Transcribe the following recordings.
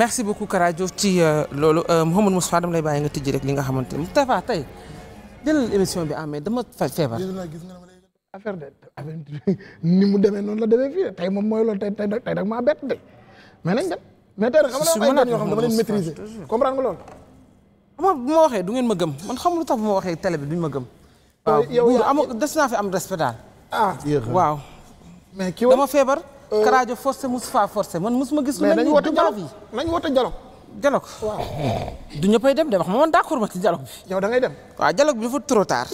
merci beaucoup Kara Diouf ci euh, loolu euh, Mouhamadou Moustapha dama lay bàyyi nga tijji rek li nga xamante ne Moustapha tey jëlal émission bi amee ah, dama feebar. ni mu demee noonu la demee fii tey moom mooy loolu tey tey tey bett de mais nañ dem. mais tey nag nga dafa am yoo xam ne dama leen maîtriser comprendre nga loolu. ma waxee du ngeen ma gëm man xam lu tax ma waxee télé bi duñ ma gëm. yow yaa des naa fi am respect daal. ah waaw. mais dama feebar. Euh, Karajo forcé Moustapha forcé man mosuma gis. lu mel ni du jaloog mais nañu woote jaloog jaloog waaw du ñëppay dem de wax ma man d'accord ma ci jaloog bi. yow da ngay dem. waa jaloog bi dafa trop tard.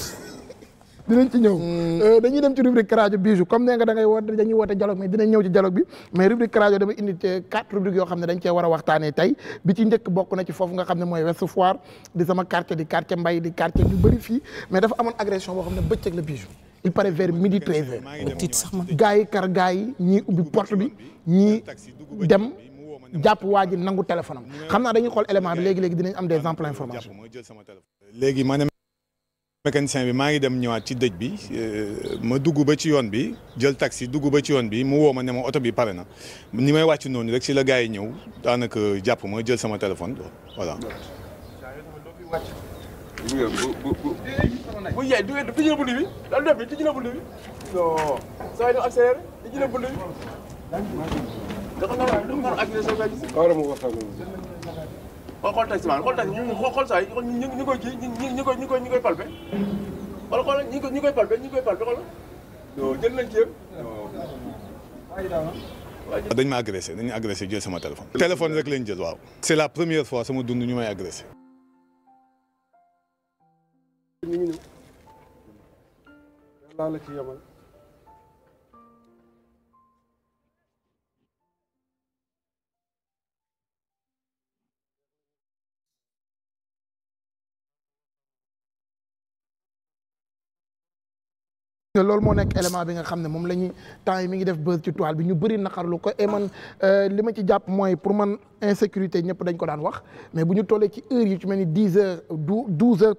dinañ ci ñëw hmm. euh, dañuy dem ci rubrique Karajo bijou comme nee nga da ngay indi ci quatre rubriques yoo xam ne dañ cee war a waxtaanee tey bi ci njëkk bokk na ci foofu nga xam ne mooy Ouest Foire di sama quartier di quartier Mbay di quartier ñu bëri fii mais dafa amoon agression boo xam ne bëccëg la bijou il paraît vers midi 13h. gaa yi kar gaa yi ñii ubbi porte bi ñii dem jàpp waa ji nangu téléphone am xam naa dañuy xool élément bi léegi léegi dinañ am des amples informations. léegi ma ne mécanicien bi maa ngi dem ñëwaat ci dëj bi euh, ma dugg ba ci yoon bi jël taxi dugg ba ci yoon bi mu woo ma ne ma oto bi pare na ni may wàcc noonu rek ci la gaa yi ñëw daanaka jàpp ma jël sama téléphone voilà. bu bu bu bu yaay du ngeen tijji na bunt bi daal def bi tijji na bunt bi non saa yi ñu accéléré tijji na bunt bi dafa nar a dafa nar a accéléré saa yi xool xool taxi man xool taxi ñu xool saa yi ñu ñu koy kii ñu ñu koy ñu koy ñu koy palpé wala xool ñu koy ñu koy palpé ñu koy palpé xool non jël nañ ci yëpp dañ ma agressé dañ ma agressé jël sama téléphone téléphone rek lañ jël waaw c'est la première fois sama dund ñu may agressé mi ngi nii laa la ci yemal loolu moo nekk élément bi nga xam ne moom la ñuy temps yi mi ngi def buzz ci toile bi ñu bëri naqarlu ko et man euh, li ma ci jàpp mooy pour man insécurité ñëpp dañ ko daan wax mais bu ñu tollee ci heure yi ci mel ni dix heures douze heures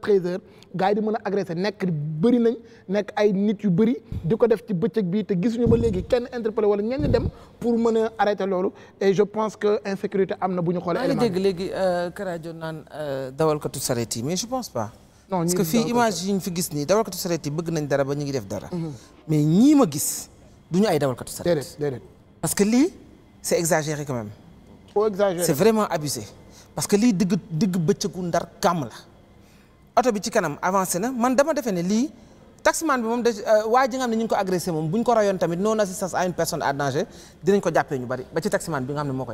gars yi di mën a agressé nekk bëri nañ nekk ay nit yu bëri di ko def ci bëccëg bi te gisuñu ba léegi kenn interpellé wala ñenn dem pour mën a arrêté loolu et je pense que insécurité am na bu ñu xoolee. élément bi maa ngi dégg léegi euh, Karajo naan euh, dawalkatu sareet yi mais je pense pas. parce que fii image yi ñu fi gis nii dawalkatu sareet yi bëgg nañ dara ba ñu ngi def dara. Mm-hmm. mais ñii ma gis du ñu ay dawalkatu sareet. déedéet déedéet. parce que lii c' est exagéré quand même. trop exagéré c' parce que lii digg digg bëccëgu ndar kàmm la. oto bi ci kanam avancé na man dama defee ne lii. taximan bi moom de euh, waa ji nga xam ne ñu ko agressé moom bu ko rayoon tamit non assistance à une personne à danger dinañ ko jàppee ñu bari ba ci taximan bi nga ne moo ko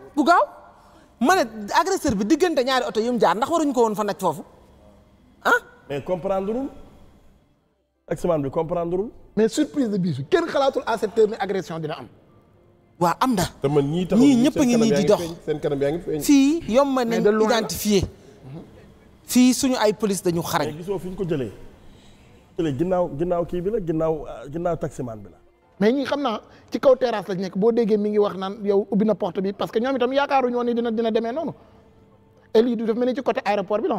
bu gaaw ma ne agresseur bi diggante ñaari oto yu mu jaar ndax waruñu ko woon fa naj foofu ah. mais comprendre lul taximan bi comprendre mais surprise de bisu kenn xalaatul à cette heure ni agression dina am. waa am na. te man ñii taxul ñëpp a ngi nii di dox seen kanam yaa ngi feeñ fii yomb nañ identifier. fii suñu ay police dañu xarañ. gisoo fi ñu ko jëlee. jëlee ginnaaw ginnaaw kii bi la ginnaaw ah, ginnaaw taximan bi la. mais ñi xam naa ci kaw terrasse lañ nekk boo déggee mi ngi wax naan yow ubbi na porte bi parce que ñoom itam yaakaaruñu woon ni dina dina demee noonu et lii du def mel ni ci côté aéroport bi la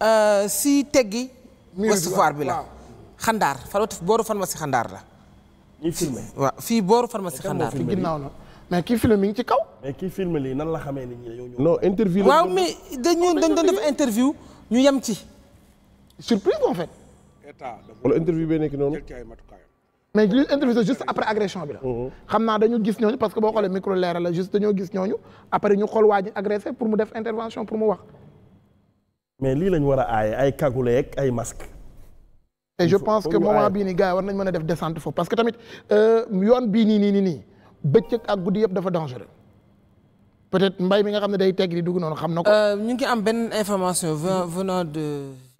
euh, si teggi. Ouest Foire bi la xandaar fan booru pharmacie xandaar la. ñuy filmé waaw fii booru pharmacie xandaar. fi ginnaaw na mais kii filmé mi ngi ci kaw. mais kii filmé lii nan la xamee ni ñi dañoo ñëw. non interview la waaw mais dañu dañ doon def interview ñu yem ci. surprise en fait. état wala interview mais li interview juste après agression bi la. xam naa dañu gis ñooñu parce que boo xoolee micro leeral la juste dañoo gis ñooñu après ñu xool waa ji agressé pour mu def intervention pour mu wax. mais lii lañu war a aaye ay cagoule yeeg ay masque et je pense que moment bii nii gars yi war nañ mën a def descente foofu parce que tamit euh, yoon bii nii nii nii nii bëccëg ak guddi yëpp dafa dangereux. peut-être mbay mi nga xam ne day tegg di dugg noonu xam na ko. Euh, ñu ngi am benn information venant de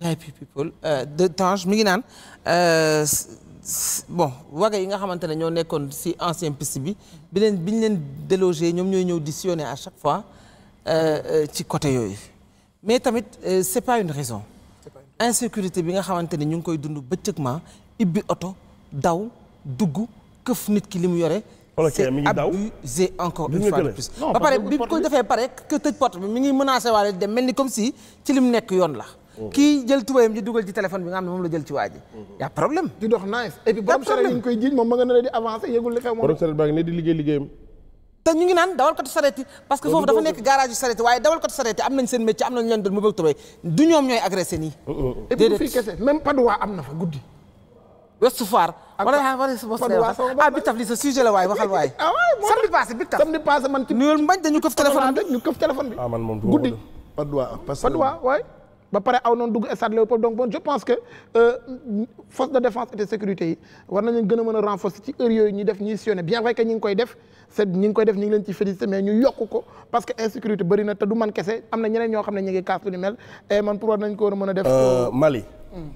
VIP People euh, de Tange mi ngi naan. bon waga yi nga xamante ne ñoo nekkoon si ancien piste bi bi leen bi ñu leen délogé ñoom ñooy ñëw di sillonné à chaque fois euh, euh, ci côté yooyu mais tamit euh, c'est pas une raison insécurité bi nga xamante ni ñu ngi koy dund bëccëgment ibbi oto daw dugg këf nit ki li mu yore c'est abusé encore une fois de plus ba pare bi ko defee pare que tëj porte bi mi ngi menacé waale dem mel ni comme si ci lim nekk yoon la kii jël tubayam ji dugal ci téléphone bi nga xam ne moom la jël ci waa ji y'a problème di koy jiiñ moom ma nga ne di avancé yëgul li xew moom sareet baa ngi di liggéey liggéeyam te ñu ngi naan dawalkatu sareet yi parce foofu dafa nekk garage yu sareet yi waaye dawalkatu sareet yi am nañ seen métier am nañ mu bëgg tubay du ñoom oh, oh, oh. am na fa guddi Ouest Foire wala ah bi taf li sa sujet la waay waxal waay ah, samedi passé bi taf samedi passé man ci ba pare aw noonu dugg stade Léopold donc bon je pense que euh, force de défense et sécurité yi war nañu gën a mën a renforcer ci heure yooyu ñuy def ñi sillonné bien vrai que ñi ngi koy def c'est ñi ngi koy def ñi ngi leen ci félicité mais ñu yokk ko parce que insécurité bëri na te du man kese am na ñeneen ñoo xam ne ñu ngi kaas lu ni mel et man pour war nañ ko war a mën a def. Euh, euh, Mali. Hmm.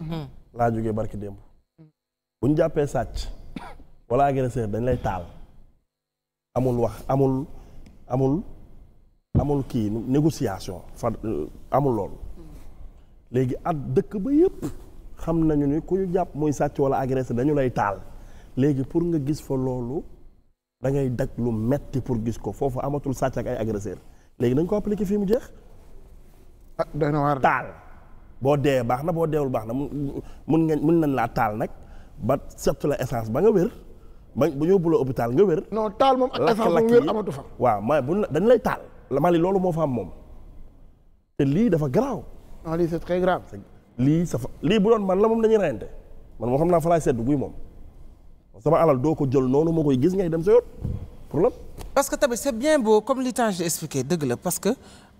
Hmm. laa jógee barki démb. bu ñu jàppee sàcc wala agresseur dañ lay taal. amul wax amul amul. amul kii négociation fa euh, amul loolu léegi at dëkk ba yëpp xam nañu ni ku ñu jàpp muy sàcc wala agressé dañu lay taal léegi pour nga gis fa loolu da ngay lu metti pour gis ko foofu amatul sàcc ak ay léegi dañ ko appliqué fii mu jeex ah doy na taal boo dee baax na boo deewul baax na mun nga mun nañ laa taal nag ba setu la essence ba nga wér ba bu ñu yóbbu la hôpital nga wér non taal moom ak essence moom wér amatu fa waaw may bu dañ lay taal Mali loolu moo fa am moom te lii dafa garaaw. non lii lii sa fa lii bu doon man la moom dañuy reyante man moo xam naa fa laay sedd guy moom sama alal doo ko jël noonu moo koy gis ngay dem sa yoon problème. parce que tamit c'est bien boo comme li Tange expliqué dëgg la parce que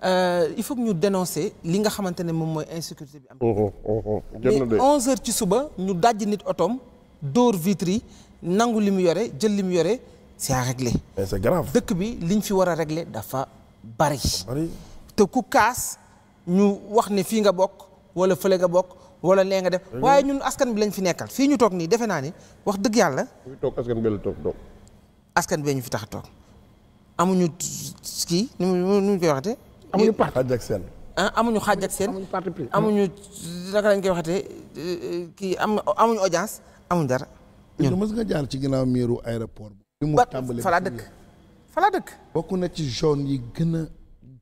euh, il faut ñu dénoncer li nga xamante ne moom mooy insécurité bi am. Oh, oh, oh, mais 11 heures ci suba ñu dajj nit otoom dóor vitre yi nangu li mu yore jël li mu yore c'est à régler. dëkk bi liñ fi war a régler dafa. bari te ku kaas ñu wax ni fii nga bokk wala fële nga bokk wala nee nga def waaye ñun askan bi lañ fi nekkal fii ñu toog nii defe naa ni wax dëgg yàlla toog askan bi la toog toog askan bee ñu fi tax toog amuñu kii nu mu nu mu koy waxatee amuñu ah, xaaj ak seen amuñu xaaj ak seen amuñu naka lañ koy waxatee kii am amuñu audience amuñu dara ñun mës nga jaar ci ginnaaw miiru aéroport bi mu tàmbalee fa laa dëkk fa la dëkk. bokk na ci zone yi gën a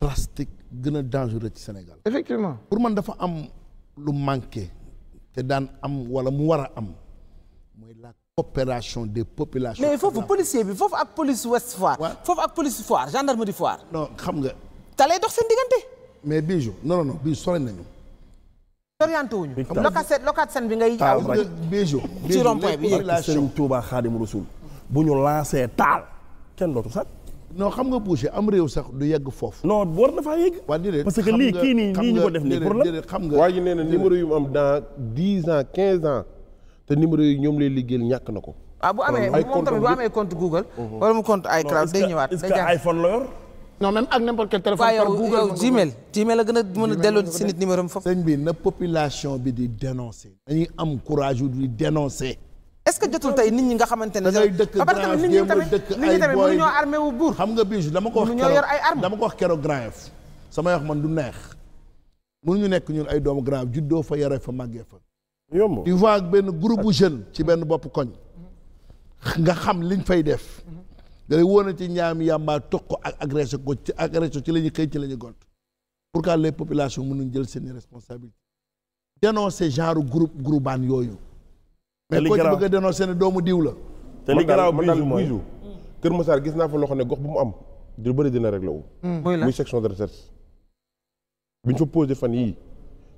drastique gën a dangereux ci Sénégal. effectivement pour man dafa am lu manqué te daan am wala mu war a am mooy la coopération des population mais foofu policier bi foofu ak police Ouest Foire. waaw foofu ak police Foire gendarmerie Foire. non xam nga. ta dox seen diggante. mais Bijou non non non Bijou sore nañu. orienté wuñu. lokat lokat seen bi ngay. taal rek Bijou. ci rond-point bi population Touba Xaadimu Rasuul bu ñu lancé taal kenn dootu sax. non xam nga boucher am réew sax du yegg foofu. non war na faa yegg. parce que lii kii nii nii ñu ko def nii pour la xam nga waa ji nee na numéro yu mu am dans dix te numéro yi ñoom lay liggéeyal ñàkk na ko. ah bu amee moom tamit bu amee compte Google. Mm-hmm. wala mu compte iCloud day ñëwaat. day jàpp iPhone la yor. non même ak n'importe quel téléphone par Google yow a am foofu. sëñ bi na population di dénoncer. dañuy am courage di dénoncer. est-ce que jotul tey nit ñi nga xamante ne. da ngay dëkk grand nit ñi tamit nit ñi tamit buur. xam nga bisu dama ko wax keroog dama ko wax keroog grand sama wax man du neex mënuñu nekk ñun ay doomu grand juddoo fa yore fa màggee fa. yomb tu vois benn groupe bu jeune ci benn bopp koñ. nga xam liñ fay def. da lay wóor ci ñaam yàmbaa toog ko ak agressé ko ci agressé ci la ñuy xëy ci la ñuy gont. pour que les populations mënuñ jël seen i responsabilités. dénoncer genre groupe groupaan yooyu. mais koo ci bëgg a dénoncé ne doomu diw la te li garaaw Bijou Kër Massar gis naa fa loo xam ne gox bu mu am du bëri dina réglé wu mm. muy section de recherche bi ñu fa posé fan yii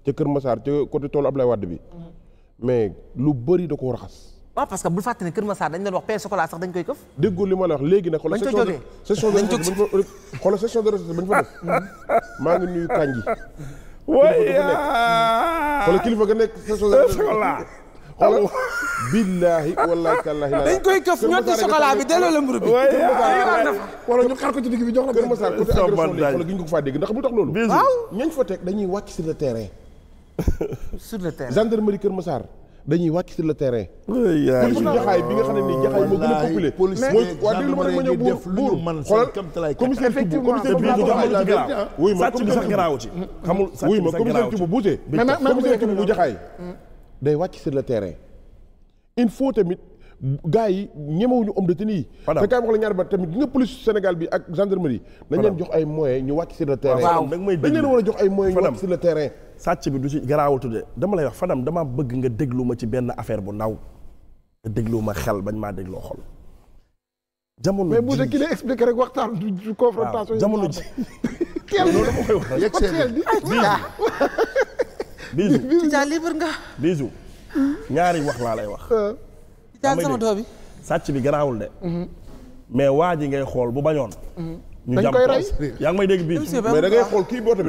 ca Kër Massar ca côté toolu Ablaye Wade bi mm. mais lu bëri da ko raxas waaw parce que bul fàtte ne Kër Massar dañ doon wax pain chocolat sax dañ koy këf déggoo li ma la wax léegi nag xoolal section de section de xoolal fa def mm-hmm. maa ngi nuyu kànji waaye ah. xoolal kilifa ga nekk section de recherche xoolal billaahi wallaahi kallaahi la dañ koy këf ñotti chocolat bi delloo la mburu bi wala ñu xar ko ci digg bi jox la Kër Massar côté agression lay xoolal gi ñu ko faa dégg ndax bu tax loolu waaw ñañ fa teg dañuy wàcc si le terrain sur le terrain gendarmerie Kër Massar dañuy wàcc sur le terrain police jaxaay bi nga xam ne nii jaxaay moo gën a populaire mooy waa déglu ma rek ma ñëw buur buur xoolal commissaire Thioub commissaire Thioub wuy ma commissaire Thioub bu jaxaay day wàcc sur le terrain il faut tamit gars yi ñemewuñu homme de tenue yi. te kaay ñaar ba tamit nga police Sénégal bi ak gendarmerie. dañ leen jox ay moyens ñu wàcc sur le terrain. waaw may leen war a jox ay moyens ñu wàcc sur le terrain. sàcc bi du ci garaawul tudde dama lay wax Fadam damaa bëgg nga déglu ma ci benn affaire bu naw nga déglu ma xel bañ maa dégloo xol. jamono ji mais bu ki lay expliqué rek waxtaan du confrontation. jamono ji teel bi teel ah, bi Bijou Tija libre nga. ñaari wax laa lay wax. Tija sama bi. sàcc bi garaawul de. Mhm. mais waa ji ngay xool bu bañoon. Mhm. ñu jam ko yaa ngi may dégg Bijou. mais da ngay xool kii boote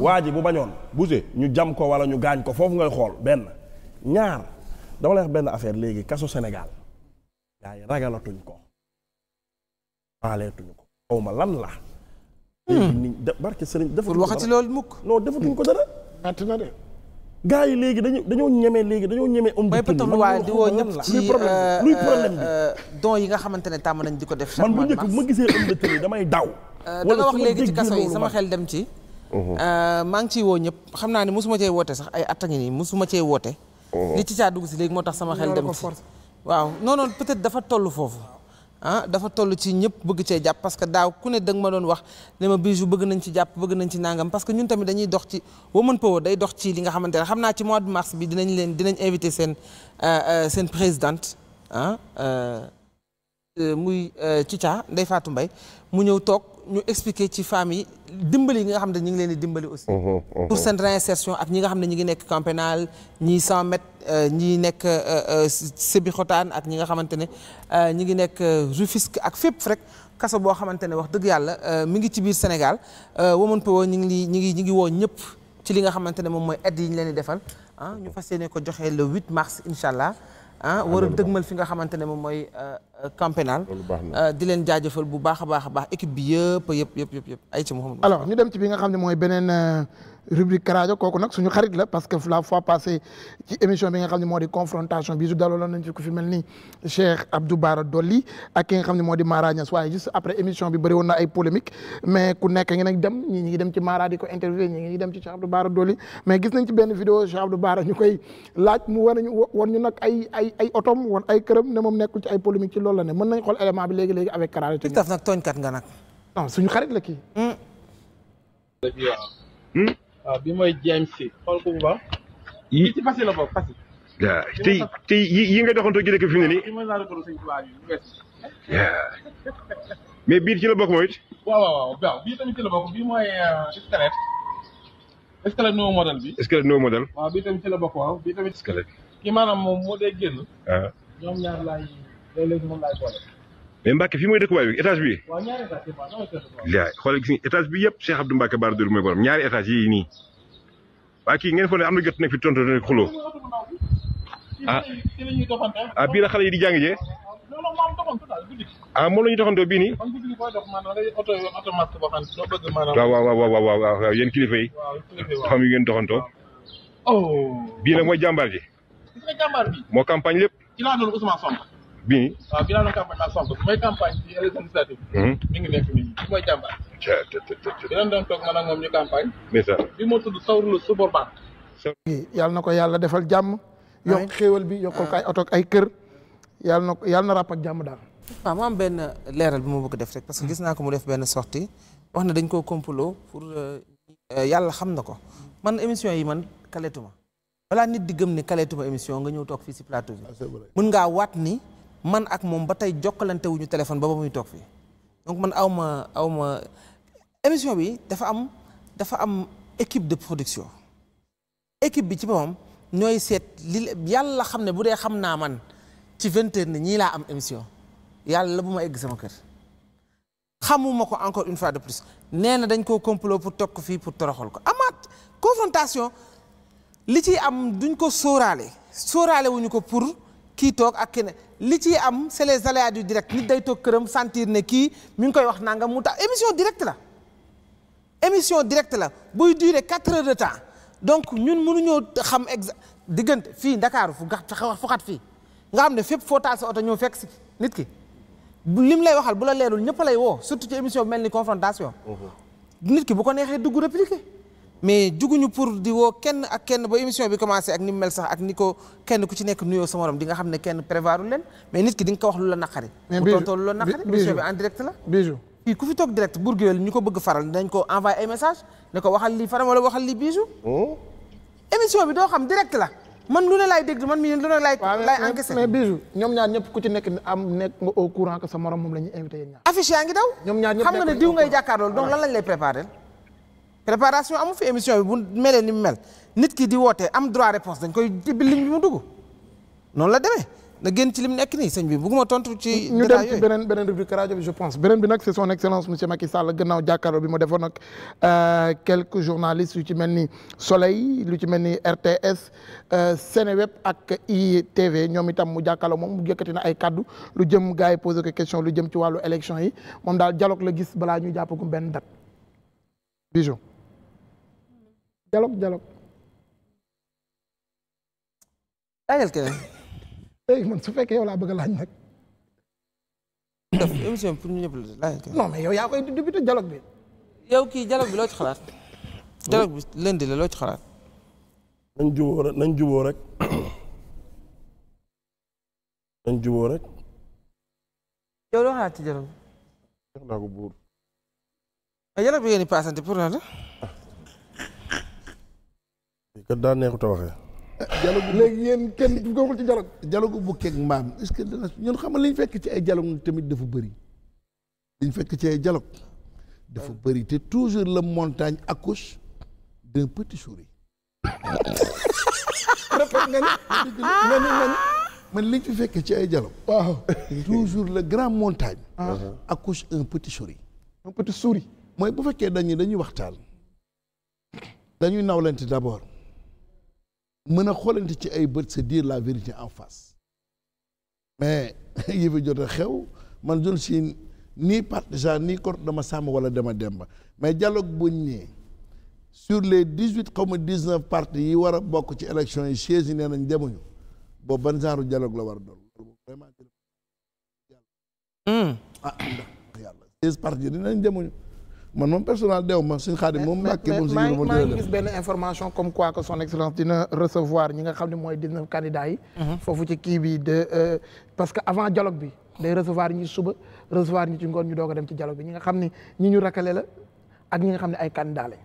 waa ji bu bañoon. bougé ñu jam ko wala ñu gaañ ko foofu ngay xool benn. ñaar dama lay wax benn affaire léegi kasu Sénégal. gaa ragalatuñ ko. faaleetuñ ko xaw ma lan la. Hmm. léegi nii barke Sëriñ defatuñ ko loolu mukk. non defatuñ ko dara. metti na de. gaa yi léegi dañu dañoo ñeme léegi dañoo ñeme. homme de tenue waaye di woo ñëpp ci luy euh, problème euh, don yi nga xamante ne tàmm nañ di ko def. chaque man bu njëkk bu ma gisee homme de tenue damay daw. Euh, wala wax léegi ci kaso yi sama xel dem ci. maa ngi ciy woo ñëpp xam naa ne mosuma cee woote sax ay at yi ngi nii mosuma cee woote. li ci caa dugg si léegi moo tax sama xel dem ci. waaw non non peut-être dafa toll foofu. ah dafa toll ci ñëpp bëgg cee jàpp parce que daaw ku ne danga ma doon wax ne ma Bijou bëgg nañ ci jàpp bëgg nañ ci nangam parce que ñun tamit dañuy dox ci woman power day dox ci li nga xamante xam naa ci mois de mars bi dinañ leen dinañ invité seen euh, euh, seen présidente ah euh, muy Cica Ndeye faatu mbay mu ñëw toog. ñu expliquer ci femmes yi dimbali nga xam ne ñu ngi leen di dimbali aussi. pour seen réinsertion ak ñi nga xam ne ñu ngi nekk camp ñi ñii 100 mètres euh, ñii nekk euh, euh, Sébikotane ak ñi nga xamante ne ñi ngi nekk Rufisque ak fépp rek kaso boo xamante ne wax dëgg yàlla mi ngi ci biir Sénégal Women Power ñu ngi ñu ngi ñu ngi woo ñëpp ci li nga xamante ne moom mooy aide yi ñu leen di defal ah ñu fas yéene ko joxe le 8 mars incha allah ah war a dëgmal fi nga xamante ne moom mooy. camp pénal euh, di leen jaajëfal bu baax a baax baax équipe bi yëpp yëpp yëpp yëpp ay ci Mouhamadou alors ñu dem ci bi nga xam ne mooy beneen euh, rubrique Karajo kooku nag suñu xarit la parce que la fois passée ci émission bi nga xam ne moo di confrontation bi su dalaloon nañ fi ku fi mel ni Cheikh Abdou Bara Dolly ak nga xam ne moo di Mara Niass waaye juste après émission bi bëri woon na ay polémique mais ku nekk ngi nag dem ñii ñi ngi dem ci di ko interviewé ñii ngi dem ci Cheikh Abdou Bara Dolly mais gis nañ ci benn vidéo Cheikh Abdou Bara ñu koy laaj mu war nañu wan nag ay ay ay otom wan ay këram ne moom nag tooñkat nag non suñu waaw bi mooy James yi ci Passy la bokk Passy. waaw tey tey yi nga doxantoo jëlee ko fi mu ne nii. mais biir ci la bokk mooy it. waaw waaw waaw bii tamit ci la bokk bii mooy euh, squelette. squelette nouveau modèle bi. squelette nouveau modèle. waaw bii tamit ci la bokk waaw bii tamit. squelette. ki maanaam moom moo dee génn. waaw ah. mais mbake fii mooy dëkkuwaay bi étage bi. waaw ñaari étage xoolal gis nga étage bi yëpp Cheikh Abdou Mbacke Bara Dolly mooy borom ñaari étage yii nii waa kii ngeen foog ne am na jot nekk fi tontu nekk xuloo ah ah, ah bii xale yi di jàng jee ah moom la ñuy doxantoo bii nii. waaw waaw waaw oh. moo campagne lépp. ci bii nii. waaw ginnaaw naa mooy campagne ci hmm? na ko yàlla defal jàmm. yokk xewal bi yokkal ay oto ay kër. yàlla na ko yàlla na ràpp jàmm daal. waaw mu am benn leeral bi ma bëgg def rek parce que gis naa ko mu def benn sortie wax na dañ koo complot pour euh, yàlla xam na ko man émission yi man kaleetuma balaa nit di gëm ne kaleetuma émission nga ñëw toog fii si plateau bi ah, mën ngaa waat ni man ak moom ba tey jokkalante wuñu téléphone ba ba muy toog fii donc man aw ma aw ma émission bi dafa am dafa am équipe de production équipe bi ci boppam ñooy seet li yàlla xam ne bu dee xam naa man ci vingt heures ñii laa am émission yàlla la bu ma egg sama kër xamuma ko encore une fois de plus nee na dañ koo complot pour toog ko fii pour toroxal ko amaat confrontation li ci am duñ ko sóoraale sóoraale wuñu ko pour kii toog ak keneen li ci am c'est les aléas du direct nit day toog këram sentir ne kii mi ngi koy wax nangam mu tax émission directe la émission direct la buy durer quatre heures de temps donc ñun mënuñoo xam exa diggante fii Ndakaaru fu gax fu xat fii nga xam ne fépp foo taal oto ñëw fekk si nit ki lim lay waxal bu la leerul ñëpp lay woo surtout ci émission bi mel ni confrontation nit ki bu ko neexee dugg répliquer mais juguñu pour di woo kenn ak kenn ba émission bi commencé ak ni mu ak ni ko kenn ku ci nekk nuyoo sa morom nga xam ne kenn prévoirul leen mais nit ki di nga ko wax lu la naqari. mais bu tontoo lu la naqari émission bi en direct la. bijou fii ku fi toog ko bëgg faral dañ ko envoyé ay message ne waxal lii faram wala waxal lii bijou. Hmm? émission bi doo xam direct la. man lu ne laay dégg man mii lu ne laay. laay bijou ñoom ñaar ñëpp ku nekk nekk nga courant que sa morom moom la ñuy invité yéen ñaar. daw. préparation amu fi émission bi bu melee ni mu mel nit ki di wootee am droit réponse dañ koy tibbi ligne bi mu dugg noonu la demee na génn ci lim nekk nii sëñ bi bugguma tontu ci. ñu dem ci beneen beneen rajo bi je pense beneen bi nag c'est son excellence monsieur Macky Sall gannaaw jàkkaarloo bi mu defoon nag euh, quelques journalistes lu ci mel ni Soleil lu ci mel ni RTS euh, Seneweb ak ITV ñoom itam mu jàkkaarloo moom mu yëkkati na ay kaddu lu jëm gars yi posé ko question lu jëm ci wàllu élection yi moom daal dialogue la gis balaa ñuy jàppagum benn date. dialogue dialogue. laajal keneen. léegi man su fekkee yow laa bëgg a laaj nag. def émission pour ñu ñëpp laajal keneen. non mais yow yaa koy débuté dialogue bi. yow kii dialogue bi loo ci xalaat. dialogue bi lundi la loo ci xalaat. nañ juboo rek nañ juboo rek. nañ juboo rek. loo xalaat ci dialogue bi. jox naa ko buur. Ah, bi ngeen di paasante pour la. Ah. kat daa neexut a waxee. dialogue léegi yéen kenn du ko ci dialogue. dialogue bu keeg mbaam est que dana ñun xam nga li ñu fekk ci ay dialogue tamit dafa bëri. li fekk ci ay dialogue. dafa bëri te toujours la montagne accouche d'un petit souris. rafet ni man fekk ci ay dialogue. waaw toujours la grande montagne. Ah. accouche un petit souris. un petit souris. mooy bu fekkee dañuy dañuy waxtaan. dañuy nawlante d'abord. mën a xoolante ci ay bët c'est dire la vérité en face mais yi fi jot a xew man je si nii ni partisan nii contre dama sàmm wala dama ba mais dialogue bu ñëwee sur les dix huit xaw ma dix neuf partis yi war a bokk ci élection yi sièges yi nee nañ demuñu boobu ban genre dialogue la war a doon vraiment. Hmm. ah ndax yàlla sièges partis yi nee nañ man moom personnel dew ma suñ xaadim moom Mbàkke moom suñu moom maa ngi gis benn information comme quoi que son excellence dina recevoir ñi nga xam ne mooy dix-neuf candidats yi mhm. foofu ci kii bi de euh, parce que avant dialogue bi day recevoir ñi suba recevoir ñi ci ngoon ñu doog a dem ci dialogue bi ñi nga xam ne ñi ñu rakale la ak ñi nga xam ne ay candidats lañ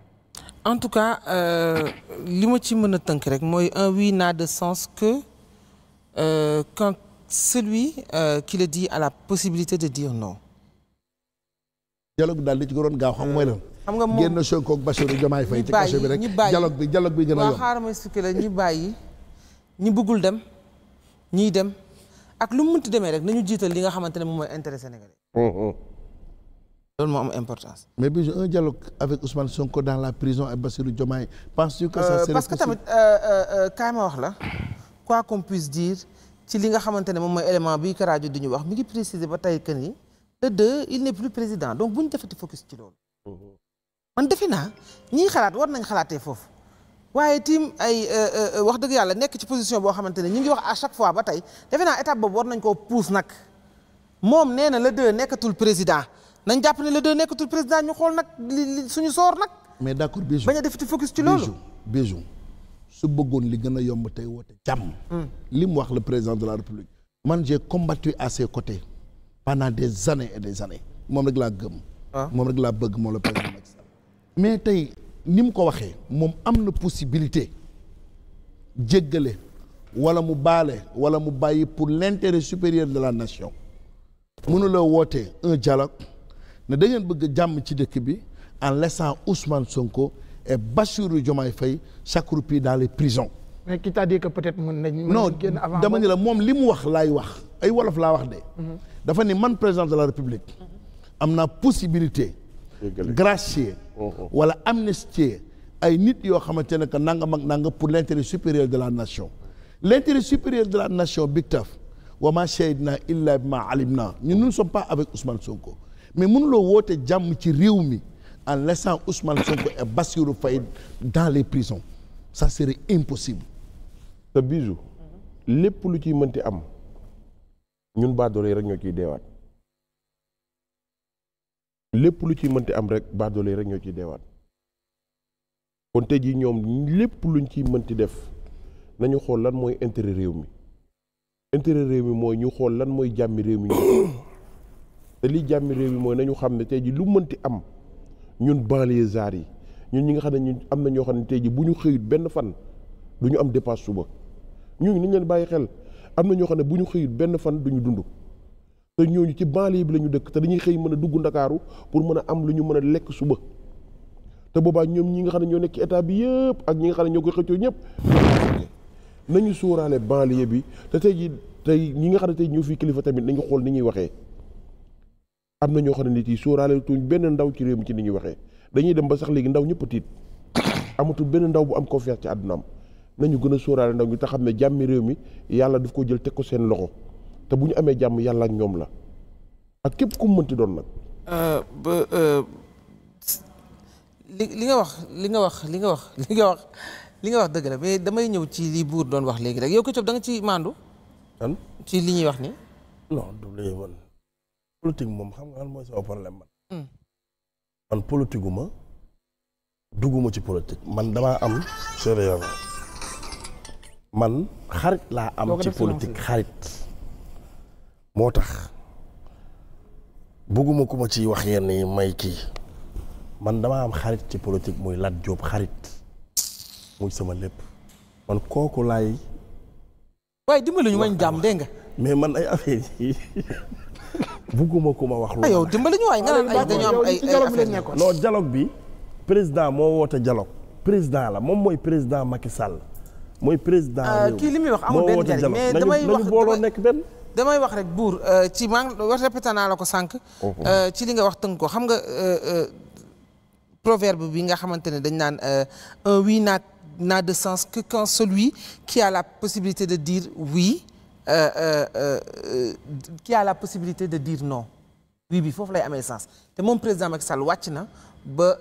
en tout cas euh, li ma ci mën a tënk rek mooy un oui n'a de sens que euh, quand celui euh, qui le dit a la possibilité de dire non dialogue bi daal li ci gënoon gaaw xam mooy lan. xam nga moom génn Sonko ak Bassirou Diomaye Faye ci kaso bi rek dialogue a yomb. waaw xaaral ma expliqué bëggul dem ñiy dem ak lu mu munti demee rek nañu jiital li nga xamante ne moom mooy intérêt sénégalais. loolu moo am importance. mais bi un dialogue avec Ousmane Sonko dans la prison ak Bassirou Diomaye penses-tu que ça euh, que tamit euh, euh, kaay ma wax la quoi qu'on puisse dire ci li nga xamante ne moom mooy élément bi Karajo di ñu wax mi ngi préciser ba tey que ni. te deux il n'est plus président donc bu ñu defati focus ci loolu. Mhm. man defe naa xalaat war nañ xalaatee foofu waaye tiim ay euh, euh, euh, wax dëgg yàlla nekk ci position boo xamante ne ñu ngi wax à chaque fois ba tey defe naa étape boobu war nañ koo puus nag moom nee na le deux nekkatul président nañ jàpp ne le deux nekkatul président ñu xool nag li suñu soor nag. mais d'accord Bijou bañ a defati ci loolu Bijou su bëggoon li gën a yomb tey woo jàmm. Mm. li mu wax le président de la république. man j'ai pendant des années et des années moom rek laa gëm. Ah. moom rek laa bëgg moom la président Macky Sall mais tey ni mu ko waxee moom am na possibilité jéggale wala mu baale wala mu bàyyi pour l'intérêt supérieur de la nation. mënula woote un dialogue ne da ngeen bëgg jàmm ci dëkk bi en laissant Ousmane Sonko et Bassirou Diomaye chaque s'accroupir dans les prisons. mais qui t'a dit que peut-être mën nañ. non dama ni la moom li mu wax laay wax ay wolof laa wax de. Mhm. dafa ni man président de la république. am naa possibilité. gracier oh, oh. wala amnistier ay nit yoo xamante ne que nangam ak nangam pour l'intérêt supérieur de la nation. l'intérêt supérieur de la nation big taf wa ma shahidna illa bi ma alim na ñun nous ne sommes pas avec Ousmane Sonko mais mënuloo woote jàmm ci réew mi en laissant Ousmane Sonko et Bassirou Faye dans les prisons ça serait impossible. te bisu lépp lu ciy mënti am ñun baadoolo yi rek ñoo ciy deewaat lépp lu ciy mënti am rek baadoolo yi rek ñoo ciy deewaat kon jii ñoom lépp luñ ciy mënti def nañu xool lan mooy intérêt réew mi intérêt réew mi mooy ñu xool lan mooy jàmmi réew mi te li jàmmi réew mi mooy nañu xam ne tey jii lu mënti am ñun banlieusards yi ñun ñi nga xam ne ñu am na ñoo xam ne tey jii bu ñu xëyut benn fan du ñu am dépasse suba ñooñu nañ leen bàyyi xel am na ñoo xam ne bu ñu xëyut benn fan duñu dund te ñooñu ci banlieue bi la ñu dëkk te dañuy xëy mën a dugg ndakaaru pour mën a am lu ñu mën a lekk suba te boobaa ñoom ñi nga xam ne ñoo nekk ci bi yëpp ak ñi nga xam ne ñoo koy xëccoo ñëpp nañu sóoraale banlieue bi te tey ji tey ñi nga xam ne tey ñoo fii kilifa tamit nañu xool ni ñuy waxee am na ñoo xam ne nit yi sóoraale tuñ benn ndaw ci réew mi ci ni ñuy waxee dañuy dem ba sax léegi ndaw ñëpp tiit amatul benn ndaw bu am confiance ci àddunaam nañu gën a sóoraale ndaw ñi te xam ne jàmmi réew mi yàlla daf ko jël teg ko seen loxo te bu ñu amee jàmm yàlla ak ñoom la ak képp ku mu mënti doon nag. Euh, ba euh, li nga wax li nga wax li nga wax li nga wax nga wax dëgg la mais damay ñëw ci li buur doon wax léegi rek yow Ketchup da nga ci maandu. ci li ñuy wax ni non du moom xam nga lan mooy sama problème man. Hmm. man ma dugguma ci politique man damaa am. sérieux man xarit laa am ci politique xarit moo tax bugguma ku ma ciy wax yenn yi may kii man dama am xarit ci politique muy Lat Diop xarit muy sama lépp man kooku lay waaye dimbali ñu wañ jàmm dégg nga mais man ay affaire yi bëgguma ku ma wax lu yow dimbali ñu waay nga naan ay dañoo am ay affaire non dialogue bi président moo woote dialogue président la moom mooy président Macky Sall mooy président. Euh, kii li muy wax amul benn njariñ mais damay wax booloo nekk benn. damay wax rek buur euh, ci maa ngi répété la ko sànq. Oh, oh. Euh, ci li nga wax tënk ko xam nga proverbe bi nga xamante ne dañ naan un oui n'a n'a de sens que quand celui qui a la possibilité de dire oui euh, euh, la possibilité de dire non oui bi foofu lay amee sens te moom président Macky Sall wàcc na ba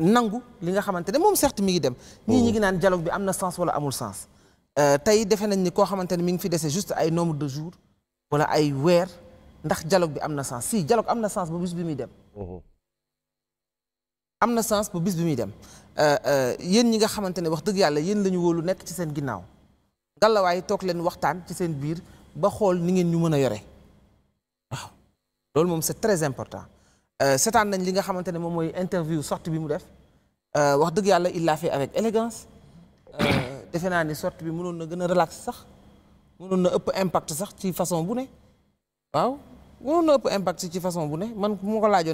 nangu li nga xamante ne moom certes mi ngi dem. ñii ñi oh. ngi naan dialogue bi am na sens wala amul sens. Euh, tey defe nañ ni koo xamante ne mi ngi fi dese juste ay nombre de jours wala ay weer ndax dialogue bi am na sens si dialogue am na sens ba bis bi muy dem. Oh. am na sens ba bis bi muy dem euh, euh, yéen ñi nga xamante ne wax dëgg yàlla yéen la ñu wóolu nekk ci seen ginnaaw ngallaawaay toog leen waxtaan ci seen biir ba xool ni ngeen ñu mën a yore waaw loolu moom c'est très important. Euh, seetaan nañ li nga xamante ne moom mooy interview sortie bi mu def euh, wax dëgg yàlla il l'a fait avec élégance euh, defe naa ni sortie bi mënoon na gën a relax sax mënoon na ëpp impact sax ci façon bu ne waaw mënoon na ëpp impact ci façon bu ne man mu ko laajoon